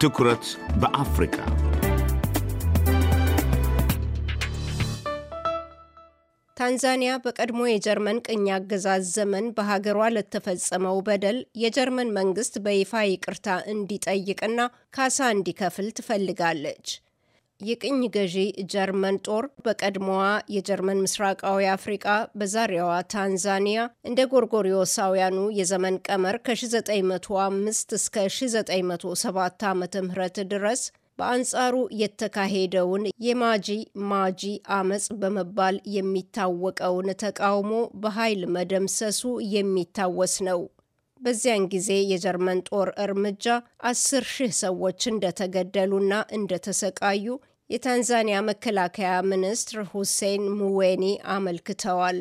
ትኩረት በአፍሪካ ታንዛኒያ በቀድሞ የጀርመን ቅኝ አገዛዝ ዘመን በሀገሯ ለተፈጸመው በደል የጀርመን መንግስት በይፋ ይቅርታ እንዲጠይቅና ካሳ እንዲከፍል ትፈልጋለች። የቅኝ ገዢ ጀርመን ጦር በቀድሞዋ የጀርመን ምስራቃዊ አፍሪቃ በዛሬዋ ታንዛኒያ እንደ ጎርጎሪዮሳውያኑ የዘመን ቀመር ከ1905 እስከ 1907 ዓ ም ድረስ በአንጻሩ የተካሄደውን የማጂ ማጂ አመፅ በመባል የሚታወቀውን ተቃውሞ በኃይል መደምሰሱ የሚታወስ ነው። በዚያን ጊዜ የጀርመን ጦር እርምጃ አስር ሺህ ሰዎች እንደተገደሉና እንደተሰቃዩ የታንዛኒያ መከላከያ ሚኒስትር ሁሴን ሙዌኒ አመልክተዋል።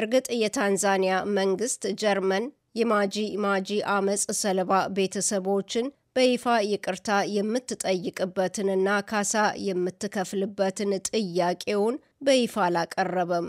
እርግጥ የታንዛኒያ መንግስት ጀርመን የማጂ ማጂ አመፅ ሰለባ ቤተሰቦችን በይፋ ይቅርታ የምትጠይቅበትንና ካሳ የምትከፍልበትን ጥያቄውን በይፋ አላቀረበም።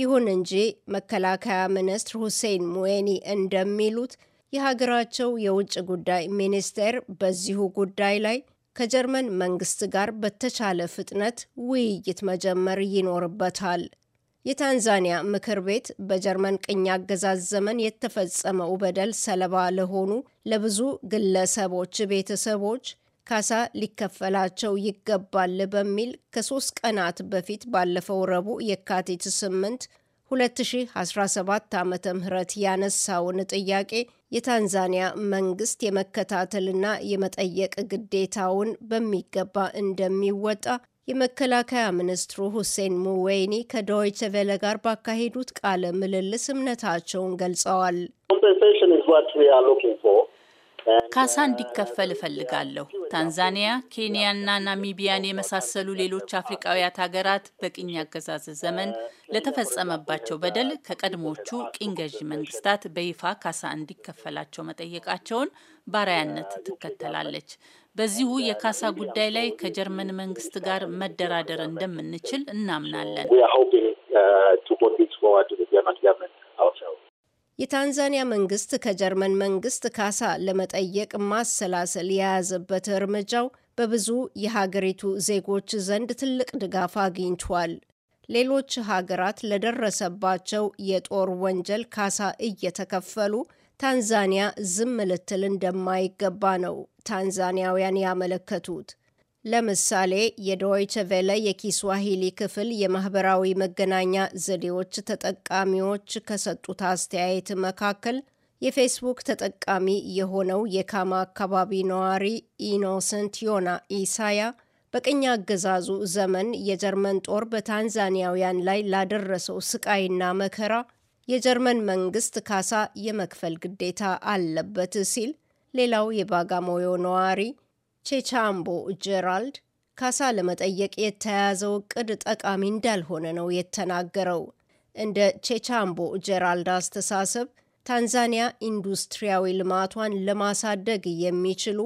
ይሁን እንጂ መከላከያ ሚኒስትር ሁሴን ሙዌኒ እንደሚሉት የሀገራቸው የውጭ ጉዳይ ሚኒስቴር በዚሁ ጉዳይ ላይ ከጀርመን መንግስት ጋር በተቻለ ፍጥነት ውይይት መጀመር ይኖርበታል። የታንዛኒያ ምክር ቤት በጀርመን ቅኝ አገዛዝ ዘመን የተፈጸመው በደል ሰለባ ለሆኑ ለብዙ ግለሰቦች ቤተሰቦች ካሳ ሊከፈላቸው ይገባል በሚል ከሶስት ቀናት በፊት ባለፈው ረቡዕ የካቲት 8 2017 ዓ ም ያነሳውን ጥያቄ የታንዛኒያ መንግስት የመከታተልና የመጠየቅ ግዴታውን በሚገባ እንደሚወጣ የመከላከያ ሚኒስትሩ ሁሴን ሙዌይኒ ከዶይቸ ቬለ ጋር ባካሄዱት ቃለ ምልልስ እምነታቸውን ገልጸዋል። ካሳ እንዲከፈል እፈልጋለሁ። ታንዛኒያ፣ ኬንያና ናሚቢያን የመሳሰሉ ሌሎች አፍሪቃውያት ሀገራት በቅኝ አገዛዝ ዘመን ለተፈጸመባቸው በደል ከቀድሞቹ ቅኝ ገዢ መንግስታት በይፋ ካሳ እንዲከፈላቸው መጠየቃቸውን ባራያነት ትከተላለች። በዚሁ የካሳ ጉዳይ ላይ ከጀርመን መንግስት ጋር መደራደር እንደምንችል እናምናለን። የታንዛኒያ መንግስት ከጀርመን መንግስት ካሳ ለመጠየቅ ማሰላሰል የያዘበት እርምጃው በብዙ የሀገሪቱ ዜጎች ዘንድ ትልቅ ድጋፍ አግኝቷል። ሌሎች ሀገራት ለደረሰባቸው የጦር ወንጀል ካሳ እየተከፈሉ ታንዛኒያ ዝም ልትል እንደማይገባ ነው ታንዛኒያውያን ያመለከቱት። ለምሳሌ የዶይቸ ቬለ የኪስዋሂሊ ክፍል የማህበራዊ መገናኛ ዘዴዎች ተጠቃሚዎች ከሰጡት አስተያየት መካከል የፌስቡክ ተጠቃሚ የሆነው የካማ አካባቢ ነዋሪ ኢኖሰንት ዮና ኢሳያ በቅኝ አገዛዙ ዘመን የጀርመን ጦር በታንዛኒያውያን ላይ ላደረሰው ስቃይና መከራ የጀርመን መንግስት ካሳ የመክፈል ግዴታ አለበት ሲል፣ ሌላው የባጋሞዮ ነዋሪ ቼቻምቦ ጄራልድ ካሳ ለመጠየቅ የተያያዘው እቅድ ጠቃሚ እንዳልሆነ ነው የተናገረው። እንደ ቼቻምቦ ጄራልድ አስተሳሰብ ታንዛኒያ ኢንዱስትሪያዊ ልማቷን ለማሳደግ የሚችሉ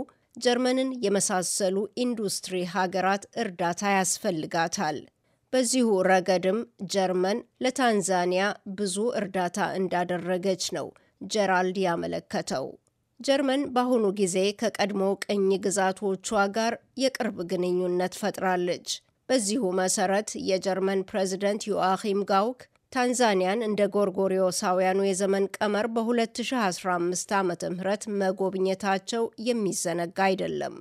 ጀርመንን የመሳሰሉ ኢንዱስትሪ ሀገራት እርዳታ ያስፈልጋታል። በዚሁ ረገድም ጀርመን ለታንዛኒያ ብዙ እርዳታ እንዳደረገች ነው ጀራልድ ያመለከተው። ጀርመን በአሁኑ ጊዜ ከቀድሞ ቅኝ ግዛቶቿ ጋር የቅርብ ግንኙነት ፈጥራለች። በዚሁ መሰረት የጀርመን ፕሬዝደንት ዮአኪም ጋውክ ታንዛኒያን እንደ ጎርጎሪዮሳውያኑ የዘመን ቀመር በ2015 ዓ ም መጎብኘታቸው የሚዘነጋ አይደለም።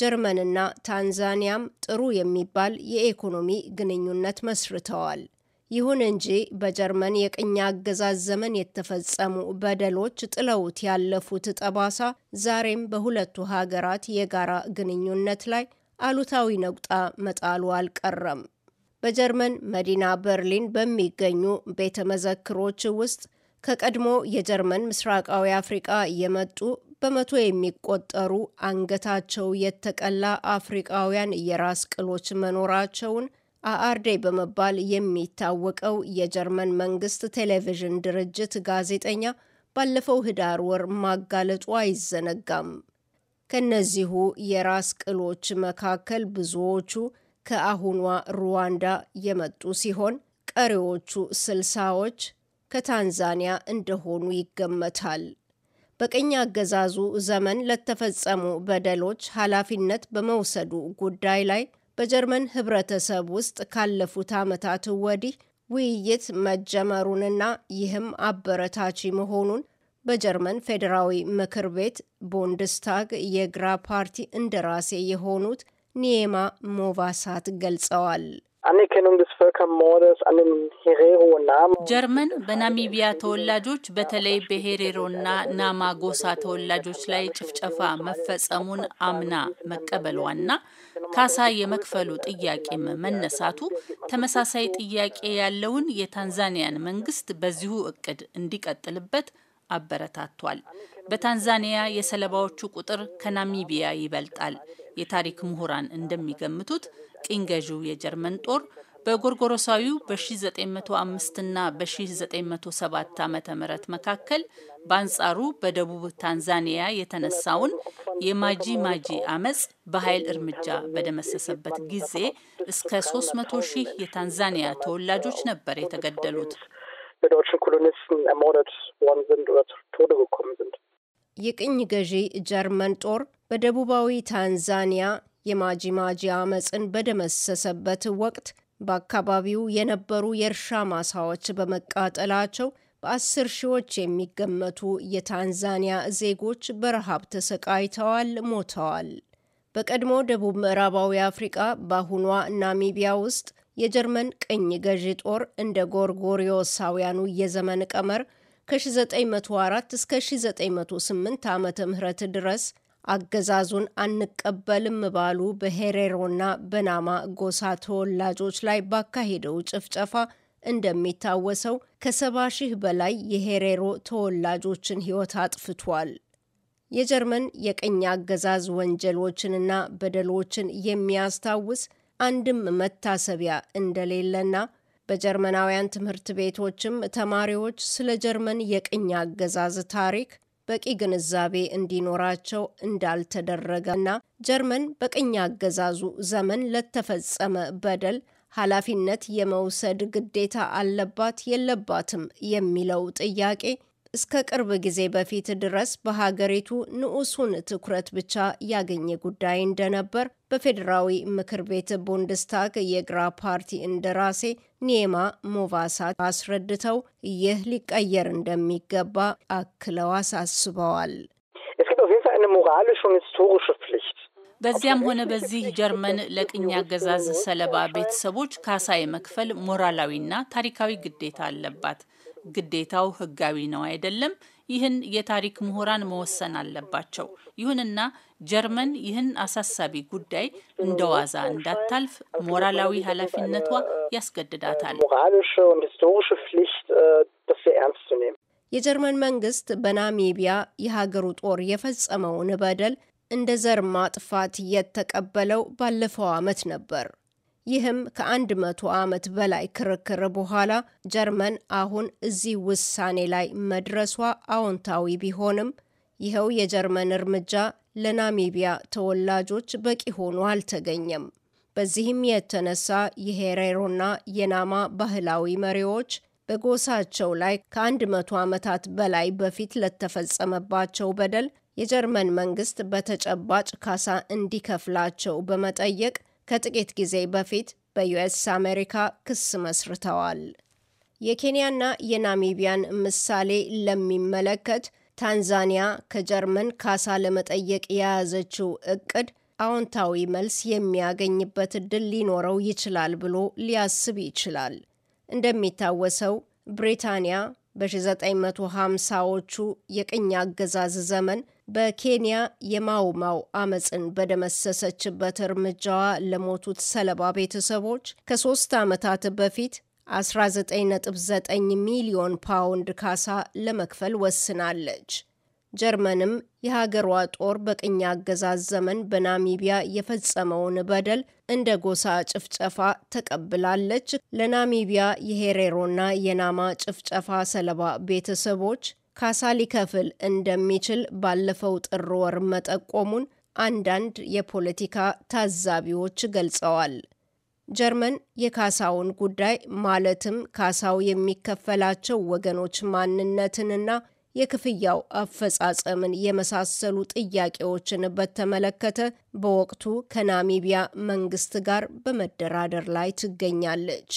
ጀርመንና ታንዛኒያም ጥሩ የሚባል የኢኮኖሚ ግንኙነት መስርተዋል። ይሁን እንጂ በጀርመን የቅኝ አገዛዝ ዘመን የተፈጸሙ በደሎች ጥለውት ያለፉት ጠባሳ ዛሬም በሁለቱ ሀገራት የጋራ ግንኙነት ላይ አሉታዊ ነቁጣ መጣሉ አልቀረም። በጀርመን መዲና በርሊን በሚገኙ ቤተ መዘክሮች ውስጥ ከቀድሞ የጀርመን ምስራቃዊ አፍሪቃ የመጡ በመቶ የሚቆጠሩ አንገታቸው የተቀላ አፍሪቃውያን የራስ ቅሎች መኖራቸውን አአርዴ በመባል የሚታወቀው የጀርመን መንግስት ቴሌቪዥን ድርጅት ጋዜጠኛ ባለፈው ህዳር ወር ማጋለጡ አይዘነጋም። ከነዚሁ የራስ ቅሎች መካከል ብዙዎቹ ከአሁኗ ሩዋንዳ የመጡ ሲሆን ቀሪዎቹ ስልሳዎች ከታንዛኒያ እንደሆኑ ይገመታል። በቅኝ አገዛዙ ዘመን ለተፈጸሙ በደሎች ኃላፊነት በመውሰዱ ጉዳይ ላይ በጀርመን ህብረተሰብ ውስጥ ካለፉት ዓመታት ወዲህ ውይይት መጀመሩንና ይህም አበረታች መሆኑን በጀርመን ፌዴራዊ ምክር ቤት ቦንድስታግ የግራ ፓርቲ እንደራሴ የሆኑት ኒየማ ሞቫሳት ገልጸዋል። Anerkennung um des Völkermordes an den Herero Nama ጀርመን በናሚቢያ ተወላጆች በተለይ በሄሬሮና ናማ ጎሳ ተወላጆች ላይ ጭፍጨፋ መፈጸሙን አምና መቀበሏና ካሳ የመክፈሉ ጥያቄም መነሳቱ ተመሳሳይ ጥያቄ ያለውን የታንዛኒያን መንግስት በዚሁ እቅድ እንዲቀጥልበት አበረታቷል። በታንዛኒያ የሰለባዎቹ ቁጥር ከናሚቢያ ይበልጣል። የታሪክ ምሁራን እንደሚገምቱት ቅኝ ገዢው የጀርመን ጦር በጎርጎሮሳዊው በ1905 እና በ1907 ዓ ም መካከል በአንጻሩ በደቡብ ታንዛኒያ የተነሳውን የማጂ ማጂ አመፅ በኃይል እርምጃ በደመሰሰበት ጊዜ እስከ 300 ሺህ የታንዛኒያ ተወላጆች ነበር የተገደሉት። Kolonisten ermordet worden sind oder zu Tode gekommen sind. የቅኝ ገዢ ጀርመን ጦር በደቡባዊ ታንዛኒያ የማጂማጂ አመፅን በደመሰሰበት ወቅት በአካባቢው የነበሩ የእርሻ ማሳዎች በመቃጠላቸው በአስር ሺዎች የሚገመቱ የታንዛኒያ ዜጎች በረሃብ ተሰቃይተዋል፣ ሞተዋል። በቀድሞ ደቡብ ምዕራባዊ አፍሪቃ በአሁኗ ናሚቢያ ውስጥ የጀርመን ቅኝ ገዢ ጦር እንደ ጎርጎሪዮሳውያኑ የዘመን ቀመር ከ1904 እስከ 1908 ዓ ም ድረስ አገዛዙን አንቀበልም ባሉ በሄሬሮና በናማ ጎሳ ተወላጆች ላይ ባካሄደው ጭፍጨፋ እንደሚታወሰው ከሰባ ሺህ በላይ የሄሬሮ ተወላጆችን ሕይወት አጥፍቷል። የጀርመን የቅኝ አገዛዝ ወንጀሎችንና በደሎችን የሚያስታውስ አንድም መታሰቢያ እንደሌለና በጀርመናውያን ትምህርት ቤቶችም ተማሪዎች ስለ ጀርመን የቅኝ አገዛዝ ታሪክ በቂ ግንዛቤ እንዲኖራቸው እንዳልተደረገና ጀርመን በቅኝ አገዛዙ ዘመን ለተፈጸመ በደል ኃላፊነት የመውሰድ ግዴታ አለባት የለባትም የሚለው ጥያቄ እስከ ቅርብ ጊዜ በፊት ድረስ በሀገሪቱ ንዑሱን ትኩረት ብቻ ያገኘ ጉዳይ እንደነበር በፌዴራዊ ምክር ቤት ቡንድስታግ የግራ ፓርቲ እንደራሴ ኒማ ሞቫሳ አስረድተው ይህ ሊቀየር እንደሚገባ አክለው አሳስበዋል። በዚያም ሆነ በዚህ ጀርመን ለቅኝ አገዛዝ ሰለባ ቤተሰቦች ካሳ የመክፈል ሞራላዊና ታሪካዊ ግዴታ አለባት። ግዴታው ህጋዊ ነው አይደለም፣ ይህን የታሪክ ምሁራን መወሰን አለባቸው። ይሁንና ጀርመን ይህን አሳሳቢ ጉዳይ እንደ ዋዛ እንዳታልፍ ሞራላዊ ኃላፊነቷ ያስገድዳታል። äh, የጀርመን መንግስት በናሚቢያ የሀገሩ ጦር የፈጸመውን በደል እንደ ዘር ማጥፋት የተቀበለው ባለፈው ዓመት ነበር። ይህም ከ100 ዓመት በላይ ክርክር በኋላ ጀርመን አሁን እዚህ ውሳኔ ላይ መድረሷ አዎንታዊ ቢሆንም ይኸው የጀርመን እርምጃ ለናሚቢያ ተወላጆች በቂ ሆኖ አልተገኘም። በዚህም የተነሳ የሄሬሮና የናማ ባህላዊ መሪዎች በጎሳቸው ላይ ከ100 ዓመታት በላይ በፊት ለተፈጸመባቸው በደል የጀርመን መንግስት በተጨባጭ ካሳ እንዲከፍላቸው በመጠየቅ ከጥቂት ጊዜ በፊት በዩኤስ አሜሪካ ክስ መስርተዋል። የኬንያና የናሚቢያን ምሳሌ ለሚመለከት ታንዛኒያ ከጀርመን ካሳ ለመጠየቅ የያዘችው እቅድ አዎንታዊ መልስ የሚያገኝበት እድል ሊኖረው ይችላል ብሎ ሊያስብ ይችላል። እንደሚታወሰው ብሪታንያ በ1950ዎቹ የቅኝ አገዛዝ ዘመን በኬንያ የማውማው አመፅን በደመሰሰችበት እርምጃዋ ለሞቱት ሰለባ ቤተሰቦች ከሶስት ዓመታት በፊት 19.9 ሚሊዮን ፓውንድ ካሳ ለመክፈል ወስናለች። ጀርመንም የሀገሯ ጦር በቅኝ አገዛዝ ዘመን በናሚቢያ የፈጸመውን በደል እንደ ጎሳ ጭፍጨፋ ተቀብላለች። ለናሚቢያ የሄሬሮና የናማ ጭፍጨፋ ሰለባ ቤተሰቦች ካሳ ሊከፍል እንደሚችል ባለፈው ጥር ወር መጠቆሙን አንዳንድ የፖለቲካ ታዛቢዎች ገልጸዋል። ጀርመን የካሳውን ጉዳይ ማለትም ካሳው የሚከፈላቸው ወገኖች ማንነትንና የክፍያው አፈጻጸምን የመሳሰሉ ጥያቄዎችን በተመለከተ በወቅቱ ከናሚቢያ መንግስት ጋር በመደራደር ላይ ትገኛለች።